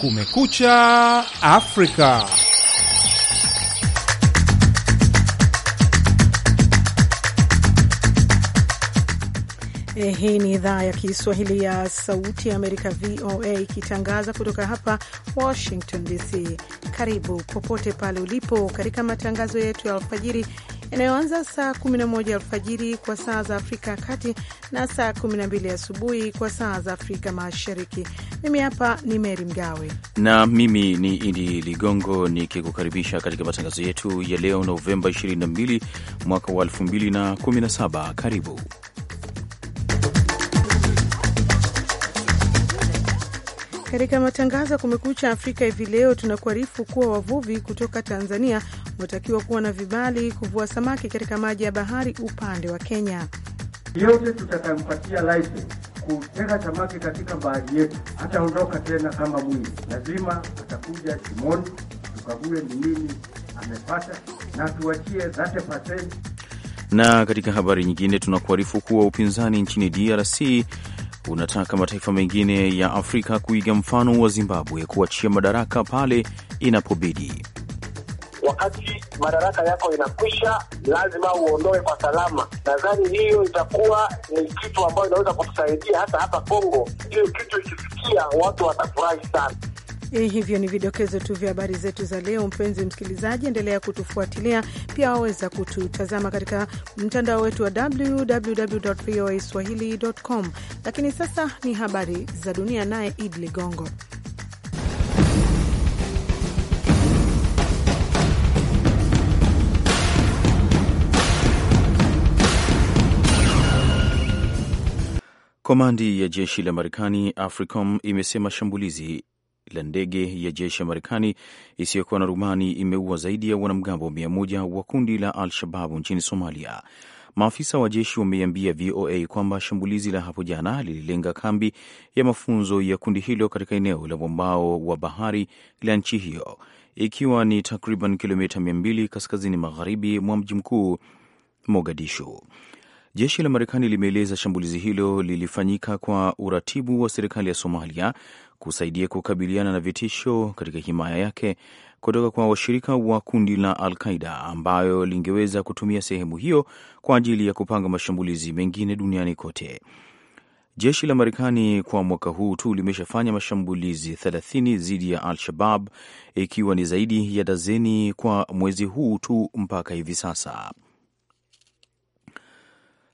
Kumekucha Afrika. Eh, hii ni idhaa ya Kiswahili ya Sauti ya Amerika, VOA, ikitangaza kutoka hapa Washington DC. Karibu popote pale ulipo katika matangazo yetu ya alfajiri yanayoanza saa 11 alfajiri kwa saa za Afrika ya Kati na saa 12 asubuhi kwa saa za Afrika Mashariki. Mimi hapa ni Meri Mgawe na mimi ni Idi Ligongo nikikukaribisha katika matangazo yetu ya leo Novemba 22 mwaka wa 2017. Karibu Katika matangazo ya Kumekucha Afrika hivi leo, tunakuarifu kuwa wavuvi kutoka Tanzania wanatakiwa kuwa na vibali kuvua samaki katika maji ya bahari upande wa Kenya. Yote tutakampatia license kutega samaki katika bahari yetu, hataondoka tena kama mwili, lazima atakuja Simoni tukague ni nini amepata na tuachie 30%. Na katika habari nyingine, tunakuarifu kuwa upinzani nchini DRC unataka mataifa mengine ya Afrika kuiga mfano wa Zimbabwe kuachia madaraka pale inapobidi. Wakati madaraka yako inakwisha, lazima uondoe kwa salama. Nadhani hiyo itakuwa ni kitu ambayo inaweza kutusaidia hata hapa Kongo. Hiyo kitu ikifikia, watu watafurahi sana. Eh, hivyo ni vidokezo tu vya habari zetu za leo. Mpenzi msikilizaji, endelea kutufuatilia pia, waweza kututazama katika mtandao wetu wa voa www.voaswahili.com. Lakini sasa ni habari za dunia, naye Id Ligongo. Komandi ya jeshi la Marekani AFRICOM imesema shambulizi la ndege ya jeshi ya Marekani isiyokuwa na rubani imeua zaidi ya wanamgambo mia moja wa kundi la Al-Shababu nchini Somalia. Maafisa wa jeshi wameiambia VOA kwamba shambulizi la hapo jana lililenga kambi ya mafunzo ya kundi hilo katika eneo la mwambao wa bahari la nchi hiyo, ikiwa ni takriban kilomita 200 kaskazini magharibi mwa mji mkuu Mogadishu. Jeshi la Marekani limeeleza shambulizi hilo lilifanyika kwa uratibu wa serikali ya Somalia kusaidia kukabiliana na vitisho katika himaya yake kutoka kwa washirika wa kundi la Al-Qaida ambayo lingeweza kutumia sehemu hiyo kwa ajili ya kupanga mashambulizi mengine duniani kote. Jeshi la Marekani kwa mwaka huu tu limeshafanya mashambulizi 30 dhidi ya Al-Shabab ikiwa ni zaidi ya dazeni kwa mwezi huu tu mpaka hivi sasa.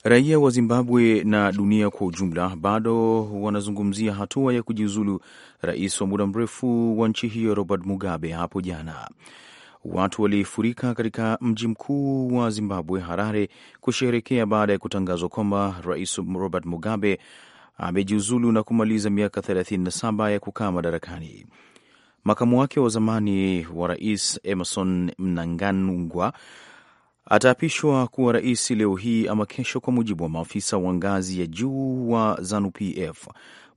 Raia wa Zimbabwe na dunia kwa ujumla bado wanazungumzia hatua ya kujiuzulu rais wa muda mrefu wa nchi hiyo Robert Mugabe hapo jana. Watu walifurika katika mji mkuu wa Zimbabwe, Harare, kusherekea baada ya kutangazwa kwamba rais Robert Mugabe amejiuzulu na kumaliza miaka 37 ya kukaa madarakani. Makamu wake wa zamani wa rais Emerson Mnangagwa ataapishwa kuwa rais leo hii ama kesho, kwa mujibu wa maafisa wa ngazi ya juu wa ZANUPF.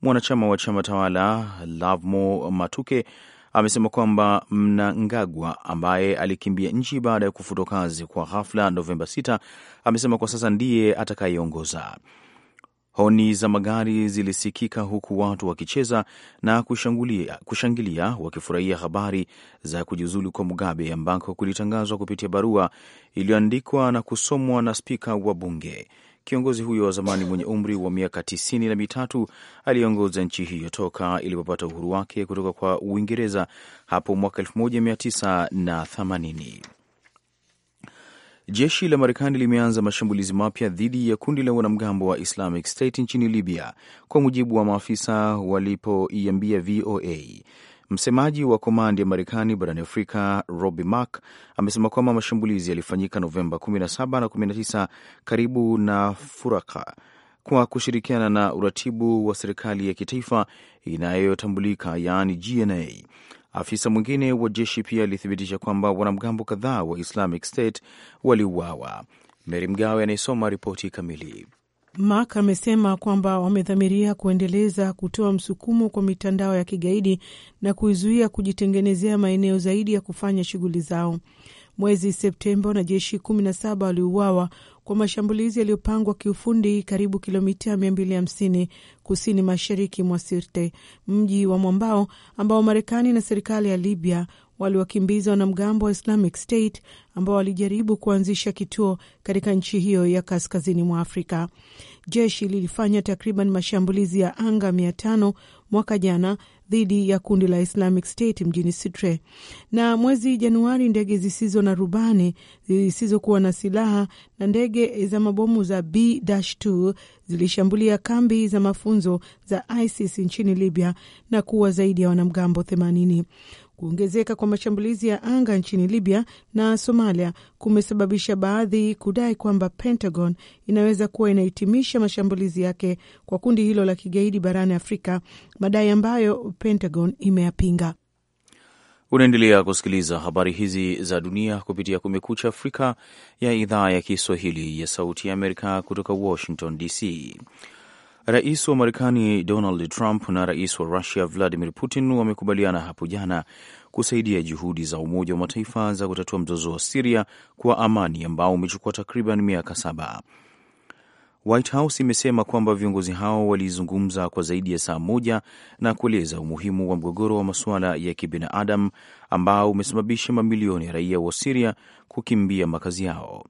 Mwanachama wa chama tawala Lavmo Matuke amesema kwamba Mnangagwa ambaye alikimbia nchi baada ya kufutwa kazi kwa ghafla Novemba 6, amesema kwa sasa ndiye atakayeongoza. Honi za magari zilisikika huku watu wakicheza na kushangilia, kushangilia wakifurahia habari za kujiuzulu kwa Mugabe ambako kulitangazwa kupitia barua iliyoandikwa na kusomwa na spika wa bunge. Kiongozi huyo wa zamani mwenye umri wa miaka tisini na mitatu aliyeongoza nchi hiyo toka ilipopata uhuru wake kutoka kwa Uingereza hapo mwaka 1980. Jeshi la Marekani limeanza mashambulizi mapya dhidi ya kundi la wanamgambo wa Islamic State nchini Libya, kwa mujibu wa maafisa walipoiambia VOA. Msemaji wa komandi ya Marekani barani Afrika, robi Mark, amesema kwamba mashambulizi yalifanyika Novemba 17 na 19 karibu na Furaka kwa kushirikiana na uratibu wa serikali ya kitaifa inayotambulika yaani GNA. Afisa mwingine wa jeshi pia alithibitisha kwamba wanamgambo kadhaa wa Islamic State waliuawa. Meri Mgawe anayesoma ripoti kamili. Mak amesema kwamba wamedhamiria kuendeleza kutoa msukumo kwa mitandao ya kigaidi na kuizuia kujitengenezea maeneo zaidi ya kufanya shughuli zao. Mwezi Septemba, wanajeshi 17 waliuawa kwa mashambulizi yaliyopangwa kiufundi karibu kilomita 250 kusini mashariki mwa Sirte, mji wa mwambao ambao Marekani na serikali ya Libya waliwakimbiza wanamgambo wa Islamic State ambao walijaribu kuanzisha kituo katika nchi hiyo ya kaskazini mwa Afrika. Jeshi lilifanya takriban mashambulizi ya anga mia tano mwaka jana dhidi ya kundi la Islamic State mjini Sitre. Na mwezi Januari, ndege zisizo na rubani zisizokuwa na silaha na ndege za mabomu za B-2 zilishambulia kambi za mafunzo za ISIS nchini Libya na kuwa zaidi ya wanamgambo 80. Kuongezeka kwa mashambulizi ya anga nchini Libya na Somalia kumesababisha baadhi kudai kwamba Pentagon inaweza kuwa inahitimisha mashambulizi yake kwa kundi hilo la kigaidi barani Afrika, madai ambayo Pentagon imeyapinga. Unaendelea kusikiliza habari hizi za dunia kupitia Kumekucha Afrika ya idhaa ya Kiswahili ya Sauti ya Amerika kutoka Washington DC. Rais wa Marekani Donald Trump na rais wa Russia Vladimir Putin wamekubaliana hapo jana kusaidia juhudi za Umoja wa Mataifa za kutatua mzozo wa Siria kwa amani ambao umechukua takriban miaka saba. White House imesema kwamba viongozi hao walizungumza kwa zaidi ya saa moja na kueleza umuhimu wa mgogoro wa masuala ya kibinadamu ambao umesababisha mamilioni ya raia wa Siria kukimbia makazi yao.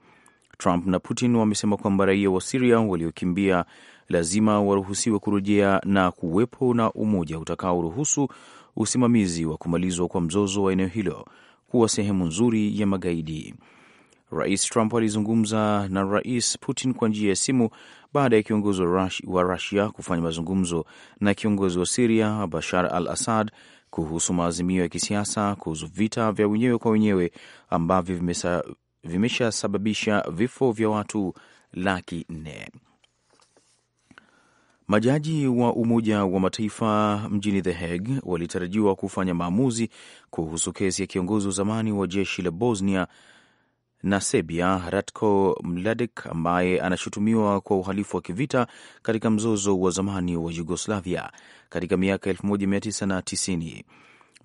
Trump na Putin wamesema kwamba raia wa Siria waliokimbia lazima waruhusiwe kurejea na kuwepo na umoja utakaoruhusu usimamizi wa kumalizwa kwa mzozo wa eneo hilo kuwa sehemu nzuri ya magaidi. Rais Trump alizungumza na Rais Putin kwa njia ya simu baada ya kiongozi wa Rusia kufanya mazungumzo na kiongozi wa Siria Bashar al Assad kuhusu maazimio ya kisiasa kuhusu vita vya wenyewe kwa wenyewe ambavyo vimeshasababisha vifo vya watu laki nne. Majaji wa Umoja wa Mataifa mjini The Hague walitarajiwa kufanya maamuzi kuhusu kesi ya kiongozi wa zamani wa jeshi la Bosnia na Serbia Ratko Mladic ambaye anashutumiwa kwa uhalifu wa kivita katika mzozo wa zamani wa Yugoslavia katika miaka 1990.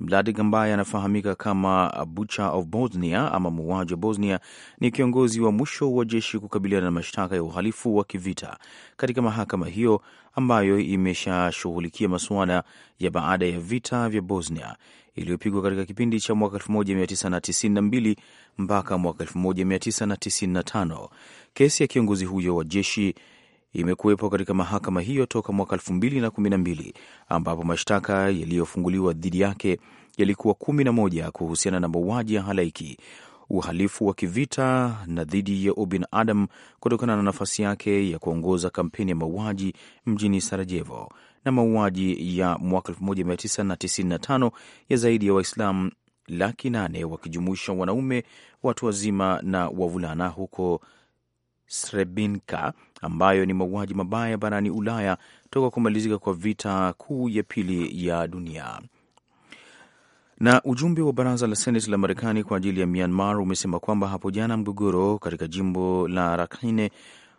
Mladic ambaye anafahamika kama Butcher of Bosnia ama muuaji wa Bosnia ni kiongozi wa mwisho wa jeshi kukabiliana na mashtaka ya uhalifu wa kivita katika mahakama hiyo ambayo imeshashughulikia masuala ya baada ya vita vya Bosnia iliyopigwa katika kipindi cha mwaka 1992 mpaka mwaka 1995. Kesi ya kiongozi huyo wa jeshi imekuwepo katika mahakama hiyo toka mwaka mbili ambapo mashtaka yaliyofunguliwa dhidi yake yalikuwa moja kuhusiana na mauaji ya halaiki, uhalifu wa kivita na dhidi ya adam kutokana na nafasi yake ya kuongoza kampeni ya mauaji mjini Sarajevo na mauaji ya mwaka 1995 ya zaidi ya waislam laki nane wakijumuisha wanaume, watu wazima na wavulana huko Srebrenica ambayo ni mauaji mabaya barani Ulaya toka kumalizika kwa vita kuu ya pili ya dunia. Na ujumbe wa baraza la Seneti la Marekani kwa ajili ya Myanmar umesema kwamba hapo jana mgogoro katika jimbo la Rakhine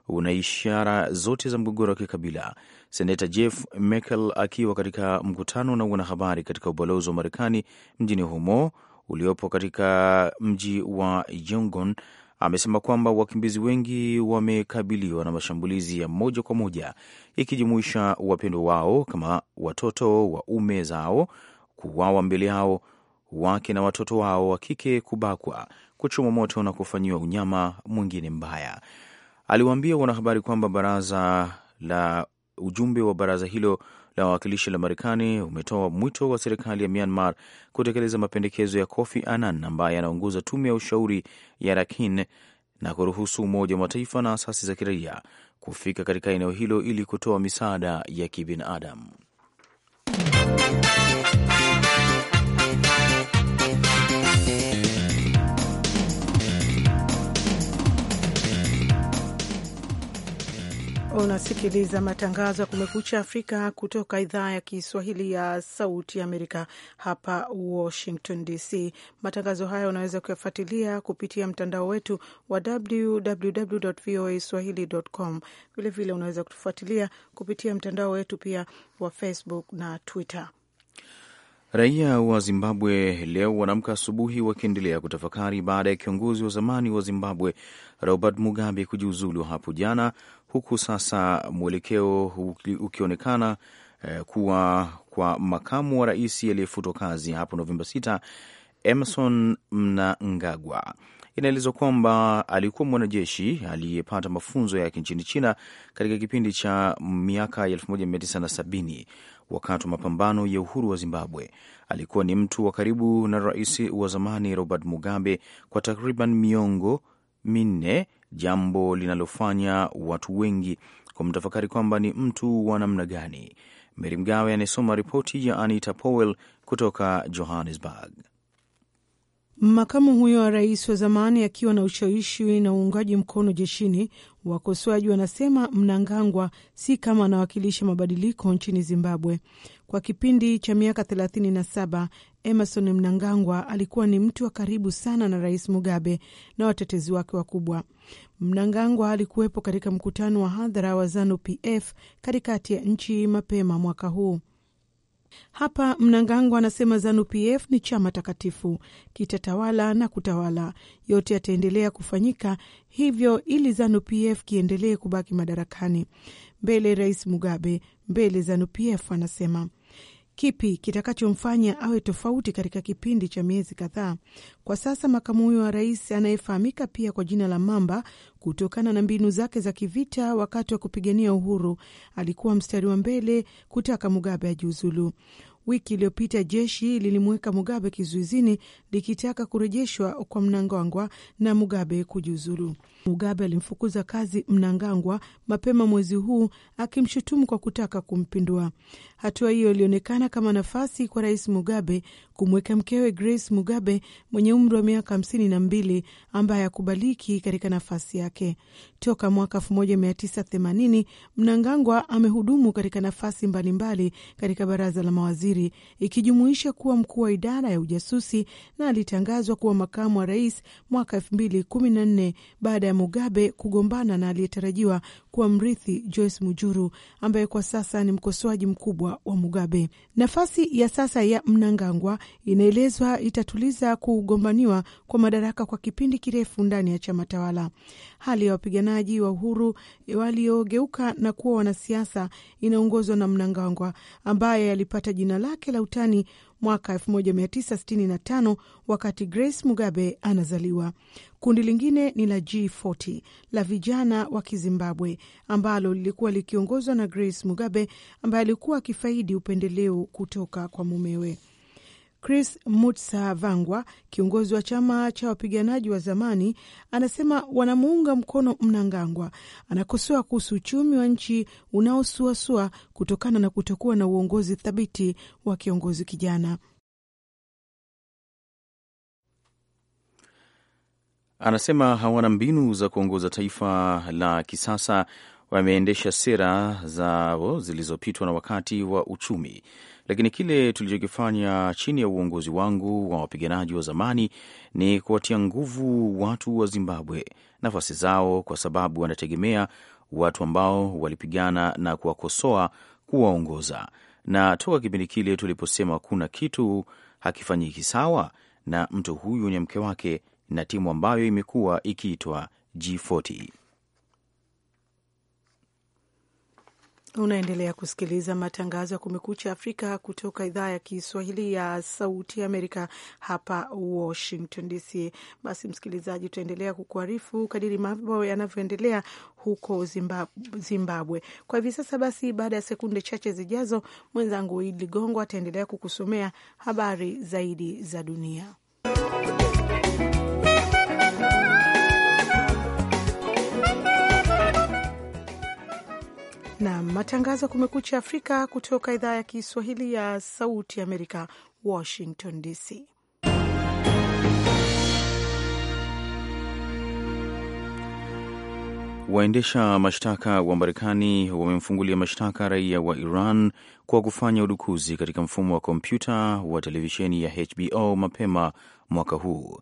una ishara zote za mgogoro wa kikabila. Senata Jeff Merkel akiwa katika mkutano na wanahabari katika ubalozi wa Marekani mjini humo uliopo katika mji wa Yangon amesema kwamba wakimbizi wengi wamekabiliwa na mashambulizi ya moja kwa moja ikijumuisha wapendwa wao kama watoto waume zao kuwawa mbele yao, wake na watoto wao wa kike kubakwa, kuchomwa moto na kufanyiwa unyama mwingine mbaya. Aliwaambia wanahabari kwamba baraza la ujumbe wa baraza hilo la wawakilishi la Marekani umetoa mwito wa serikali ya Myanmar kutekeleza mapendekezo ya Kofi Annan ambaye anaongoza tume ya ushauri ya Rakhine na kuruhusu Umoja wa Mataifa na asasi za kiraia kufika katika eneo hilo ili kutoa misaada ya kibinadamu. Unasikiliza matangazo ya Kumekucha Afrika kutoka idhaa ya Kiswahili ya Sauti Amerika hapa Washington DC. Matangazo haya unaweza kuyafuatilia kupitia mtandao wetu wa www voa swahili.com. Vilevile unaweza kutufuatilia kupitia mtandao wetu pia wa Facebook na Twitter. Raia wa Zimbabwe leo wanaamka asubuhi wakiendelea kutafakari baada ya kiongozi wa zamani wa Zimbabwe Robert Mugabe kujiuzulu hapo jana, huku sasa mwelekeo ukionekana eh, kuwa kwa makamu wa rais aliyefutwa kazi hapo Novemba 6 Emerson Mnangagwa. Inaelezwa kwamba alikuwa mwanajeshi aliyepata mafunzo yake nchini China katika kipindi cha miaka ya 1970 wakati wa mapambano ya uhuru wa Zimbabwe. Alikuwa ni mtu wa karibu na rais wa zamani Robert Mugabe kwa takriban miongo minne, jambo linalofanya watu wengi kumtafakari kwamba ni mtu wa namna gani. Meri Mgawe anayesoma ripoti ya Anita Powell kutoka Johannesburg. Makamu huyo wa rais wa zamani akiwa na ushawishi na uungaji mkono jeshini, wakosoaji wanasema Mnangagwa si kama anawakilisha mabadiliko nchini Zimbabwe. Kwa kipindi cha miaka 37 Emerson Mnangagwa alikuwa ni mtu wa karibu sana na Rais Mugabe na watetezi wake wakubwa. Mnangagwa alikuwepo katika mkutano wa hadhara wa ZANU PF katikati ya nchi mapema mwaka huu. Hapa Mnangangwa anasema ZANUPF ni chama takatifu, kitatawala na kutawala. Yote yataendelea kufanyika hivyo ili ZANUPF kiendelee kubaki madarakani. Mbele Rais Mugabe, mbele ZANUPF, anasema. Kipi kitakachomfanya awe tofauti katika kipindi cha miezi kadhaa? Kwa sasa makamu huyo wa rais anayefahamika pia kwa jina la Mamba kutokana na mbinu zake za kivita wakati wa kupigania uhuru, alikuwa mstari wa mbele kutaka Mugabe ajiuzulu. Wiki iliyopita jeshi lilimweka Mugabe kizuizini likitaka kurejeshwa kwa Mnangagwa na Mugabe kujiuzulu. Mugabe alimfukuza kazi Mnangagwa mapema mwezi huu akimshutumu kwa kutaka kumpindua. Hatua hiyo ilionekana kama nafasi kwa Rais Mugabe kumweka mkewe Grace Mugabe mwenye umri wa miaka hamsini na mbili ambaye hakubaliki katika nafasi yake toka mwaka 1980. Mnangagwa amehudumu katika nafasi mbalimbali mbali katika baraza la mawaziri ikijumuisha kuwa mkuu wa idara ya ujasusi na alitangazwa kuwa makamu wa rais mwaka 2014 baada ya Mugabe kugombana na aliyetarajiwa kuwa mrithi Joyce Mujuru ambaye kwa sasa ni mkosoaji mkubwa wa Mugabe. Nafasi ya sasa ya Mnangagwa inaelezwa itatuliza kugombaniwa kwa madaraka kwa kipindi kirefu ndani ya chama tawala. Hali ya wapiganaji wa uhuru waliogeuka na kuwa wanasiasa inaongozwa na Mnangagwa ambaye alipata jina lake la utani mwaka 1965 wakati Grace Mugabe anazaliwa. Kundi lingine ni la G40 la vijana wa Kizimbabwe ambalo lilikuwa likiongozwa na Grace Mugabe ambaye alikuwa akifaidi upendeleo kutoka kwa mumewe. Chris Vangwa, kiongozi wa chama cha wapiganaji wa zamani, anasema wanamuunga mkono Mnangagwa. Anakosoa kuhusu uchumi wa nchi unaosuasua kutokana na kutokuwa na uongozi thabiti wa kiongozi kijana. Anasema hawana mbinu za kuongoza taifa la kisasa wameendesha sera zao zilizopitwa na wakati wa uchumi, lakini kile tulichokifanya chini ya uongozi wangu wa wapiganaji wa zamani ni kuwatia nguvu watu wa Zimbabwe nafasi zao, kwa sababu wanategemea watu ambao walipigana na kuwakosoa kuwaongoza. Na toka kipindi kile tuliposema kuna kitu hakifanyiki sawa na mtu huyu na mke wake na timu ambayo imekuwa ikiitwa G40. Unaendelea kusikiliza matangazo ya Kumekucha Afrika kutoka idhaa ya Kiswahili ya Sauti Amerika, hapa Washington DC. Basi msikilizaji, tutaendelea kukuarifu kadiri mambo yanavyoendelea huko Zimbabwe kwa hivi sasa. Basi baada ya sekunde chache zijazo, mwenzangu Id Ligongo ataendelea kukusomea habari zaidi za dunia. na matangazo ya Kumekucha Afrika kutoka idhaa ya Kiswahili ya Sauti Amerika, Washington DC. Waendesha mashtaka wa Marekani wamemfungulia mashtaka raia wa Iran kwa kufanya udukuzi katika mfumo wa kompyuta wa televisheni ya HBO mapema mwaka huu.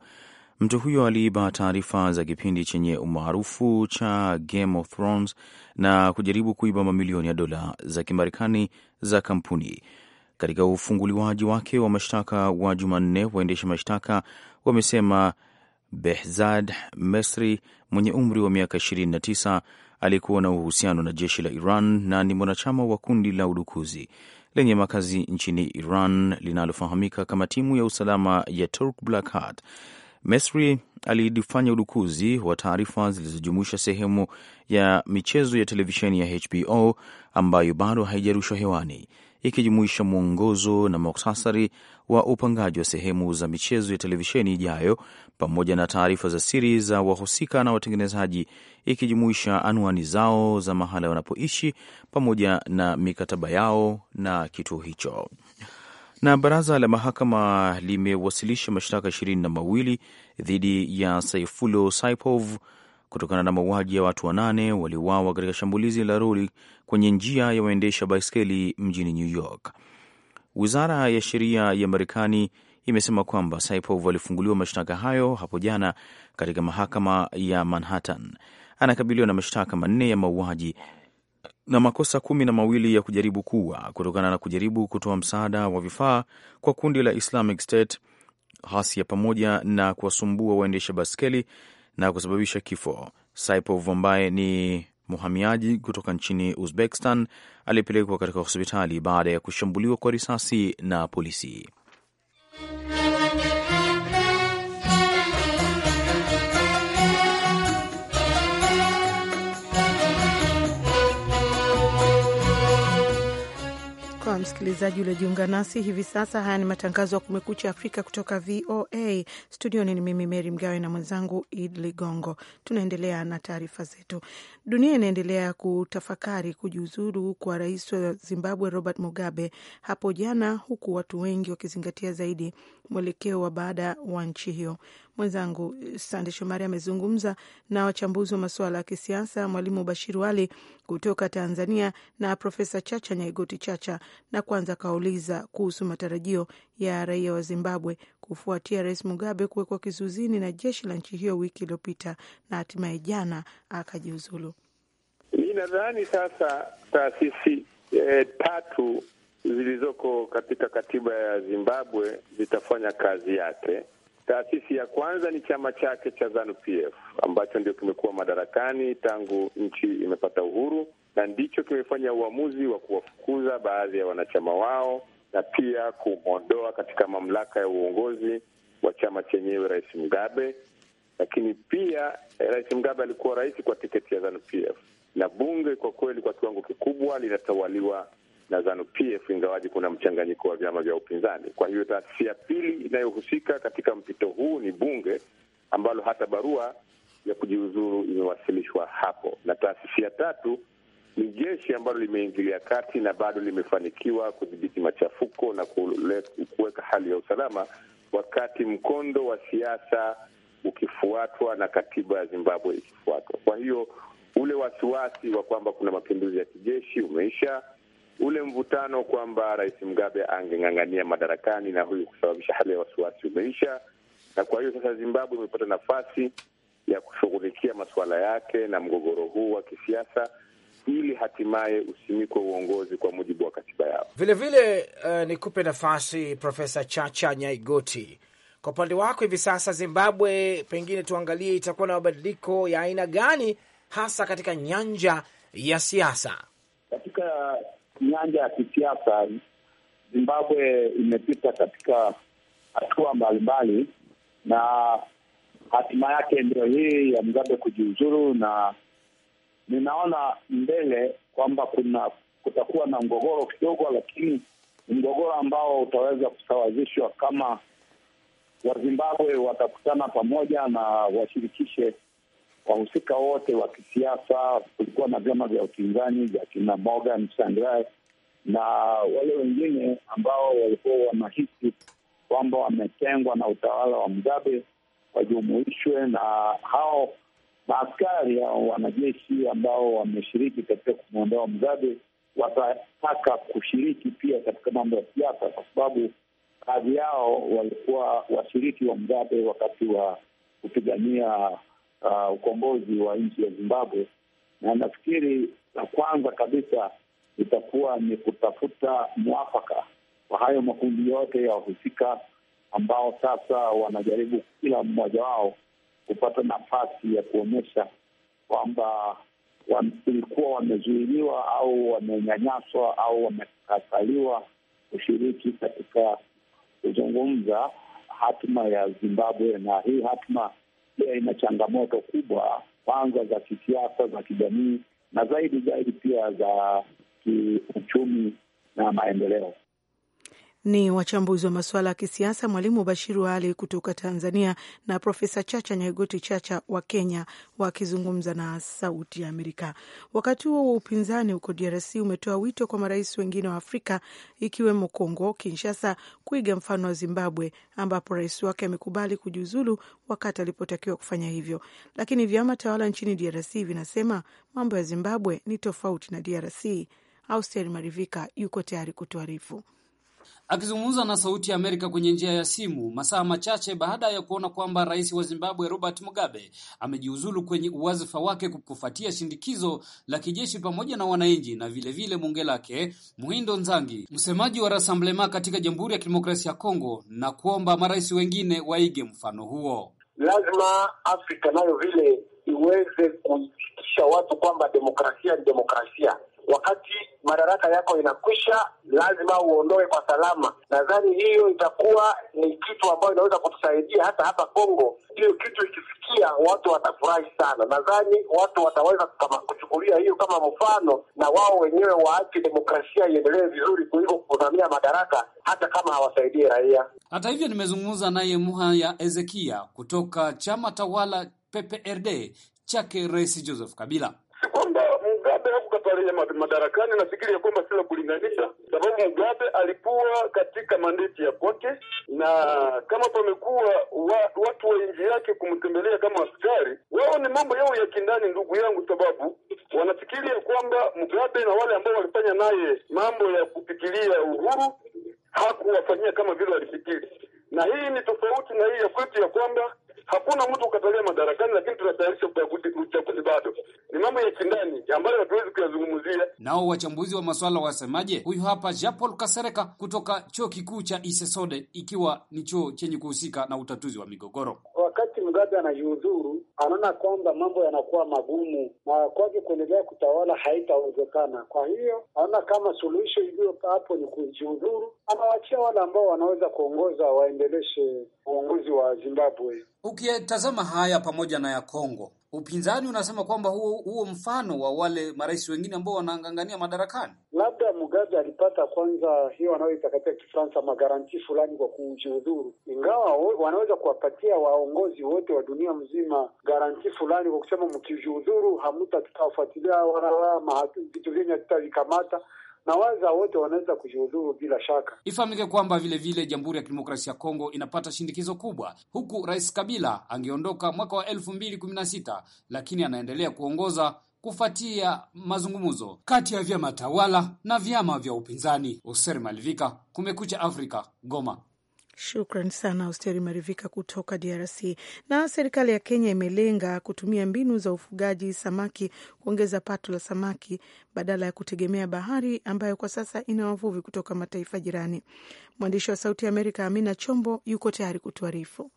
Mtu huyo aliiba taarifa za kipindi chenye umaarufu cha Game of Thrones na kujaribu kuiba mamilioni ya dola za Kimarekani za kampuni. Katika ufunguliwaji wake wa mashtaka wa Jumanne, waendesha mashtaka wamesema Behzad Mesri mwenye umri wa miaka 29 alikuwa na uhusiano na jeshi la Iran na ni mwanachama wa kundi la udukuzi lenye makazi nchini Iran linalofahamika kama timu ya usalama ya Turk Black Mesri alifanya udukuzi wa taarifa zilizojumuisha sehemu ya michezo ya televisheni ya HBO ambayo bado haijarushwa hewani, ikijumuisha mwongozo na muktasari wa upangaji wa sehemu za michezo ya televisheni ijayo, pamoja na taarifa za siri za wahusika na watengenezaji, ikijumuisha anwani zao za mahala wanapoishi pamoja na mikataba yao na kituo hicho. Na baraza la mahakama limewasilisha mashtaka ishirini na mawili dhidi ya Saifulo Saipov kutokana na mauaji ya watu wanane waliowawa katika shambulizi la roli kwenye njia ya waendesha baiskeli mjini New York. Wizara ya sheria ya Marekani imesema kwamba Saipov alifunguliwa mashtaka hayo hapo jana katika mahakama ya Manhattan. Anakabiliwa na mashtaka manne ya mauaji na makosa kumi na mawili ya kujaribu kuua kutokana na kujaribu kutoa msaada wa vifaa kwa kundi la Islamic State, hasia pamoja na kuwasumbua waendesha baskeli na kusababisha kifo. Saipov ambaye ni mhamiaji kutoka nchini Uzbekistan alipelekwa katika hospitali baada ya kushambuliwa kwa risasi na polisi. msikilizaji uliojiunga nasi hivi sasa. Haya ni matangazo ya Kumekucha Afrika kutoka VOA studioni. Ni mimi Meri Mgawe na mwenzangu Id Ligongo. Tunaendelea na taarifa zetu. Dunia inaendelea kutafakari kujiuzuru kwa rais wa Zimbabwe Robert Mugabe hapo jana, huku watu wengi wakizingatia zaidi mwelekeo wa baada wa nchi hiyo. Mwenzangu eh, Sande Shomari amezungumza na wachambuzi wa masuala ya kisiasa, Mwalimu Bashir Wali kutoka Tanzania na Profesa Chacha Nyaigoti Chacha, na kwanza akauliza kuhusu matarajio ya raia wa Zimbabwe kufuatia Rais Mugabe kuwekwa kizuizini na jeshi la nchi hiyo wiki iliyopita na hatimaye jana akajiuzulu. nadhani sasa taasisi eh, tatu zilizoko katika katiba ya Zimbabwe zitafanya kazi yake. Taasisi ya kwanza ni chama chake cha ZANU PF ambacho ndio kimekuwa madarakani tangu nchi imepata uhuru, na ndicho kimefanya uamuzi wa kuwafukuza baadhi ya wanachama wao na pia kumwondoa katika mamlaka ya uongozi wa chama chenyewe Rais Mugabe. Lakini pia eh, Rais Mugabe alikuwa rais kwa tiketi ya ZANU PF na bunge kwa kweli, kwa kiwango kikubwa linatawaliwa na Zanu PF, ingawaji kuna mchanganyiko wa vyama vya upinzani. Kwa hiyo taasisi ya pili inayohusika katika mpito huu ni bunge ambalo hata barua ya kujiuzuru imewasilishwa hapo, na taasisi ya tatu ni jeshi ambalo limeingilia kati na bado limefanikiwa kudhibiti machafuko na kuweka hali ya usalama, wakati mkondo wa siasa ukifuatwa na katiba ya Zimbabwe ikifuatwa. Kwa hiyo ule wasiwasi wa kwamba kuna mapinduzi ya kijeshi umeisha ule mvutano kwamba Rais Mugabe angeng'ang'ania madarakani na huyu kusababisha hali ya wasiwasi umeisha, na kwa hiyo sasa Zimbabwe imepata nafasi ya kushughulikia masuala yake na mgogoro huu wa kisiasa ili hatimaye usimikwe uongozi kwa mujibu wa katiba yao. Vilevile uh, eh, nikupe nafasi Profesa Chacha Nyaigoti, kwa upande wako, hivi sasa Zimbabwe pengine tuangalie itakuwa na mabadiliko ya aina gani hasa katika nyanja ya siasa? Katika nyanja ya kisiasa, Zimbabwe imepita katika hatua mbalimbali, na hatima yake ndio hii ya Mugabe kujiuzuru, na ninaona mbele kwamba kuna kutakuwa na mgogoro kidogo, lakini mgogoro ambao utaweza kusawazishwa kama Wazimbabwe watakutana pamoja na washirikishe wahusika wote wa kisiasa. Kulikuwa na vyama vya upinzani vya kina Morgan Tsvangirai na wale wengine ambao walikuwa wanahisi kwamba wametengwa na utawala wa Mugabe wajumuishwe na hao maaskari au wanajeshi ambao wameshiriki katika kumwondoa Mugabe watataka kushiriki pia katika mambo ya siasa, kwa sababu baadhi yao walikuwa washiriki wa Mugabe wakati wa kupigania uh, ukombozi wa nchi ya Zimbabwe. Na nafikiri la kwanza kabisa itakuwa ni kutafuta mwafaka kwa hayo makundi yote ya wahusika ambao sasa wanajaribu kila mmoja wao kupata nafasi ya kuonyesha kwamba walikuwa wamezuiliwa au wamenyanyaswa au wamekataliwa kushiriki katika kuzungumza hatima ya Zimbabwe. Na hii hatima pia ina changamoto kubwa, kwanza za kisiasa, za kijamii na zaidi zaidi pia za kiuchumi na maendeleo. Ni wachambuzi wa masuala ya kisiasa Mwalimu Bashiru Ali kutoka Tanzania na Profesa Chacha Nyaigoti Chacha wa Kenya wakizungumza na Sauti ya Amerika. Wakati huo wa upinzani huko DRC umetoa wito kwa marais wengine wa Afrika ikiwemo Kongo Kinshasa kuiga mfano wa Zimbabwe ambapo rais wake amekubali kujiuzulu wakati alipotakiwa kufanya hivyo, lakini vyama tawala nchini DRC vinasema mambo ya Zimbabwe ni tofauti na DRC. Austeri Marivika yuko tayari kutuarifu. Akizungumza na Sauti ya Amerika kwenye njia ya simu masaa machache baada ya kuona kwamba rais wa Zimbabwe Robert Mugabe amejiuzulu kwenye uwazifa wake kufuatia shindikizo la kijeshi pamoja na wananchi na vilevile bunge lake, Muhindo Nzangi, msemaji wa Rassemblement katika Jamhuri ya Kidemokrasia ya Kongo, na kuomba marais wengine waige mfano huo. Lazima Afrika nayo vile iweze kufikisha watu kwamba demokrasia ni demokrasia wakati madaraka yako inakwisha, lazima uondoe kwa salama. Nadhani hiyo itakuwa ni kitu ambayo inaweza kutusaidia hata hapa Kongo. Hiyo kitu ikifikia, watu watafurahi sana. Nadhani watu wataweza kama kuchukulia hiyo kama mfano, na wao wenyewe waache demokrasia iendelee vizuri kuliko kuvamia madaraka, hata kama hawasaidie raia. Hata hivyo, nimezungumza naye ya Ezekia kutoka chama tawala PPRD chake Rais Joseph Kabila Sekunde. Mugabe hakukapalia madarakani, nafikiri ya kwamba sila kulinganisha, sababu Mugabe alikuwa katika mandeti ya kwake, na kama pamekuwa wa, watu wa nji yake kumtembelea kama askari wao, ni mambo yao ya kindani, ndugu yangu, sababu wanafikiri ya kwamba Mugabe na wale ambao walifanya naye mambo ya kupikilia uhuru hakuwafanyia kama vile walifikiri, na hii ni tofauti na hii ya kwetu ya kwamba hakuna mtu ukatalia madarakani, lakini tunatayarisha uchaguzi bado. Ni mambo ya kindani ambayo hatuwezi kuyazungumzia. Nao wachambuzi wa masuala wasemaje? Huyu hapa Jean Paul Kasereka kutoka chuo kikuu cha Isesode, ikiwa ni chuo chenye kuhusika na utatuzi wa migogoro. Wakati Mugabe anajiuzuru, anaona kwamba mambo yanakuwa magumu na kwake kuendelea kutawala haitawezekana. Kwa hiyo anaona kama suluhisho iliyo hapo ni kujiuzuru, anawachia wale ambao wanaweza kuongoza waendeleshe uongozi wa Zimbabwe ukitazama haya pamoja na ya Kongo, upinzani unasema kwamba huo huo mfano wa wale marais wengine ambao wanang'ang'ania madarakani, labda Mugabe alipata kwanza hiyo wanaoita katika Kifaransa magaranti fulani kwa kujihudhuru ingawa wanaweza kuwapatia waongozi wote wa dunia mzima garanti fulani kwa kusema mkijihudhuru, hamuta tutawafuatilia wala vitu vyenye hatutavikamata na waza wote wanaweza kujihudhuru bila shaka. Ifahamike kwamba vilevile Jamhuri ya Kidemokrasia ya Kongo inapata shindikizo kubwa, huku Rais Kabila angeondoka mwaka wa elfu mbili kumi na sita lakini anaendelea kuongoza kufuatia mazungumzo kati ya vyama tawala na vyama vya upinzani. Oser Malivika, Kumekucha Afrika, Goma. Shukran sana Austeri Marivika kutoka DRC. Na serikali ya Kenya imelenga kutumia mbinu za ufugaji samaki kuongeza pato la samaki badala ya kutegemea bahari ambayo kwa sasa ina wavuvi kutoka mataifa jirani. Mwandishi wa Sauti ya Amerika Amina Chombo yuko tayari kutuarifu.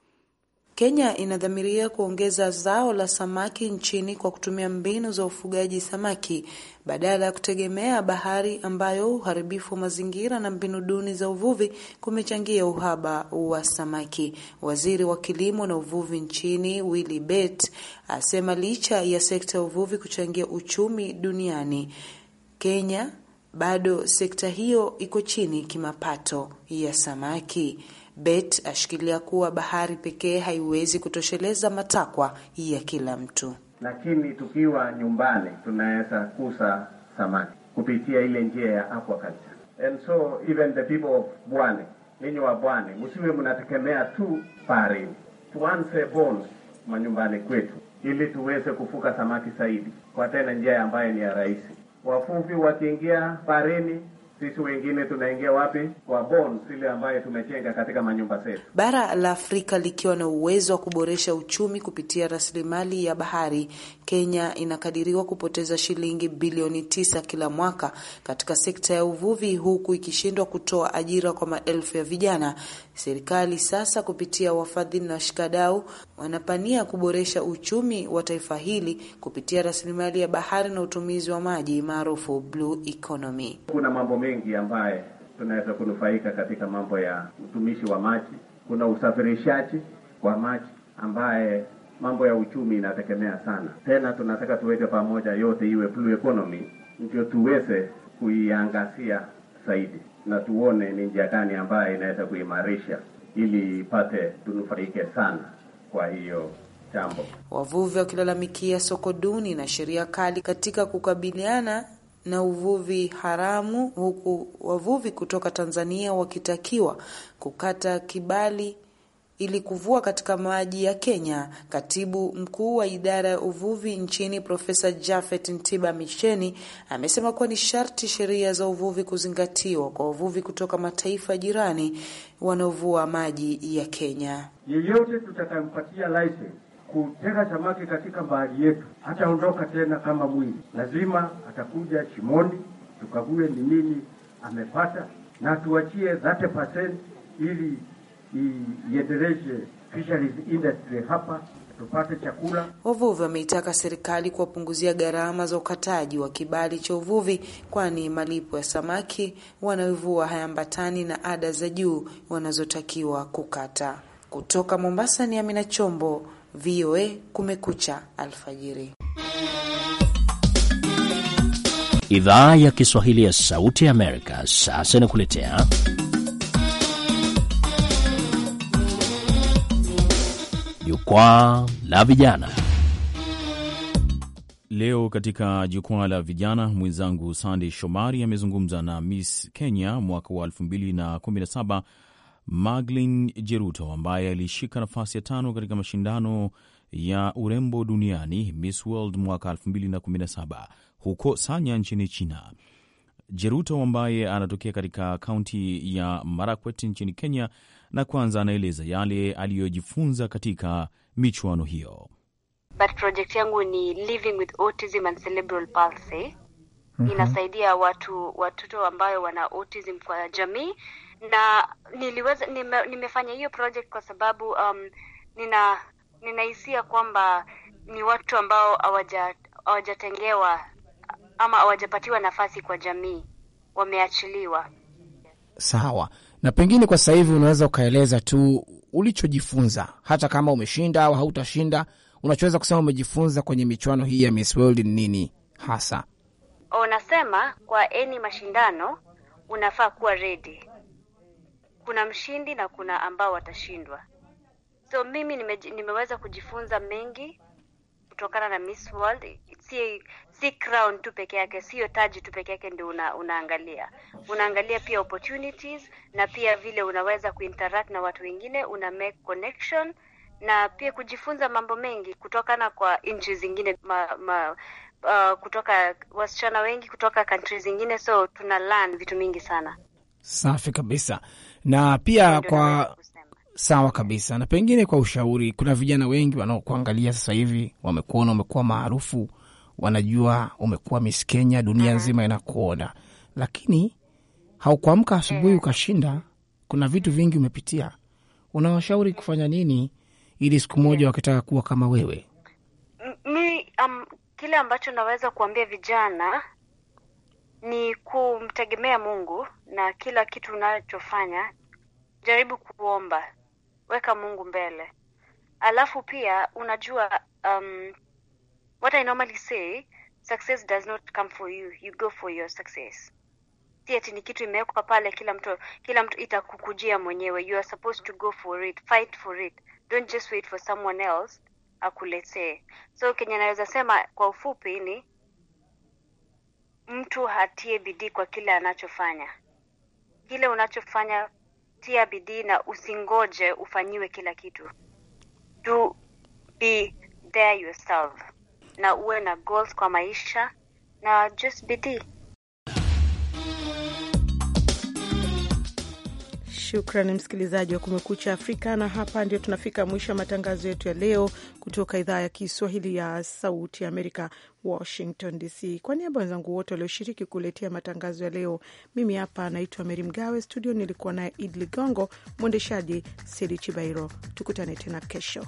Kenya inadhamiria kuongeza zao la samaki nchini kwa kutumia mbinu za ufugaji samaki badala ya kutegemea bahari ambayo uharibifu wa mazingira na mbinu duni za uvuvi kumechangia uhaba wa samaki. Waziri wa kilimo na uvuvi nchini Willy Bet asema licha ya sekta ya uvuvi kuchangia uchumi duniani, Kenya bado sekta hiyo iko chini kimapato ya samaki. Bet ashikilia kuwa bahari pekee haiwezi kutosheleza matakwa ya kila mtu, lakini tukiwa nyumbani tunaweza kusa samaki kupitia ile njia ya aquaculture. And so even the people of Bwane, ninyi wa Bwane msiwe mnategemea tu baharini, tuanze bon manyumbani kwetu ili tuweze kufuka samaki zaidi kwa tena njia ambayo ni ya rahisi. Wavuvi wakiingia baharini sisi wengine tunaingia wapi? Kwa bonds ile ambayo tumejenga katika manyumba zetu. Bara la Afrika likiwa na uwezo wa kuboresha uchumi kupitia rasilimali ya bahari, Kenya inakadiriwa kupoteza shilingi bilioni tisa kila mwaka katika sekta ya uvuvi, huku ikishindwa kutoa ajira kwa maelfu ya vijana Serikali sasa kupitia wafadhili na washikadau wanapania kuboresha uchumi wa taifa hili kupitia rasilimali ya bahari na utumizi wa maji maarufu blue economy. Kuna mambo mengi ambaye tunaweza kunufaika katika mambo ya utumishi wa maji. Kuna usafirishaji wa maji ambaye mambo ya uchumi inategemea sana. Tena tunataka tuweke pamoja yote iwe blue economy, ndio tuweze kuiangazia zaidi na tuone ni njia gani ambayo inaweza kuimarisha ili ipate tunufaike sana. Kwa hiyo jambo, wavuvi wakilalamikia soko duni na sheria kali katika kukabiliana na uvuvi haramu, huku wavuvi kutoka Tanzania wakitakiwa kukata kibali ili kuvua katika maji ya Kenya. Katibu mkuu wa idara ya uvuvi nchini Profesa Jafet Ntiba Misheni amesema kuwa ni sharti sheria za uvuvi kuzingatiwa kwa wavuvi kutoka mataifa jirani wanaovua maji ya Kenya. Yeyote tutakampatia license kutega samaki katika bahari yetu hataondoka tena kama mwili, lazima atakuja shimoni, tukague ni nini amepata na tuachie 30% ili iendeleze fisheries industry hapa tupate chakula. Wavuvi wameitaka serikali kuwapunguzia gharama za ukataji wa kibali cha uvuvi, kwani malipo ya samaki wanaovua hayambatani na ada za juu wanazotakiwa kukata. Kutoka Mombasa ni Amina Chombo, VOA Kumekucha alfajiri. Idhaa ya Kiswahili ya Sauti ya Amerika sasa inakuletea Jukwaa la Vijana. Leo katika Jukwaa la Vijana, mwenzangu Sandey Shomari amezungumza na Miss Kenya mwaka wa 217 Maglin Jeruto ambaye alishika nafasi ya tano katika mashindano ya urembo duniani Miss World mwaka 217 huko Sanya nchini China. Jeruto ambaye anatokea katika kaunti ya Marakwet nchini Kenya na kwanza anaeleza yale aliyojifunza katika michuano hiyo. But project yangu ni Living with Autism and Cerebral Palsy. Mm -hmm. Inasaidia watu watoto ambayo wana autism kwa jamii, na niliweza nime, nimefanya hiyo project kwa sababu um, nina ninahisia kwamba ni watu ambao hawajatengewa ama hawajapatiwa nafasi kwa jamii, wameachiliwa. Sawa, na pengine kwa sasa hivi unaweza ukaeleza tu ulichojifunza, hata kama umeshinda au hautashinda, unachoweza kusema umejifunza kwenye michuano hii ya Miss World ni nini hasa? Unasema kwa eni mashindano unafaa kuwa ready. Kuna mshindi na kuna ambao watashindwa. So mimi nime, nimeweza kujifunza mengi kutokana na Miss World. Si si crown tu peke yake, sio taji tu peke yake ndio una, unaangalia. Unaangalia pia opportunities na pia vile unaweza kuinteract na watu wengine, una make connection na pia kujifunza mambo mengi kutokana kwa nchi zingine ma, ma, uh, kutoka wasichana wengi kutoka countries zingine, so tuna learn vitu mingi sana. Safi kabisa, na pia Mendo kwa sawa kabisa, na pengine kwa ushauri, kuna vijana wengi wanaokuangalia sasa hivi, wamekuona, wamekuwa maarufu wanajua umekuwa Miss Kenya, dunia nzima inakuona, lakini haukuamka asubuhi eh. ukashinda. Kuna vitu vingi umepitia. Unawashauri kufanya nini ili siku moja wakitaka kuwa kama wewe? Mi, um, kile ambacho naweza kuambia vijana ni kumtegemea Mungu na kila kitu unachofanya, jaribu kuomba, weka Mungu mbele. Alafu pia unajua, um, What I normally say, success does not come for you, you go for your success. siati ni kitu imewekwa pale, kila mtu kila mtu itakukujia mwenyewe. You are supposed to go for it, fight for it, don't just wait for someone else akuletee. So kenye naweza sema kwa ufupi ni mtu hatie bidii kwa kile anachofanya. Kile unachofanya tia bidii na usingoje ufanyiwe kila kitu. to be there yourself na uwe na goals kwa maisha na just bidii. Shukrani msikilizaji wa Kumekucha Afrika, na hapa ndio tunafika mwisho wa matangazo yetu ya leo kutoka idhaa ya Kiswahili ya Sauti ya Amerika, Washington DC. Kwa niaba wenzangu wote walioshiriki kuletea matangazo ya leo, mimi hapa naitwa Meri Mgawe, studio nilikuwa naye Id Ligongo, mwendeshaji Sidi Chibairo. Tukutane tena kesho.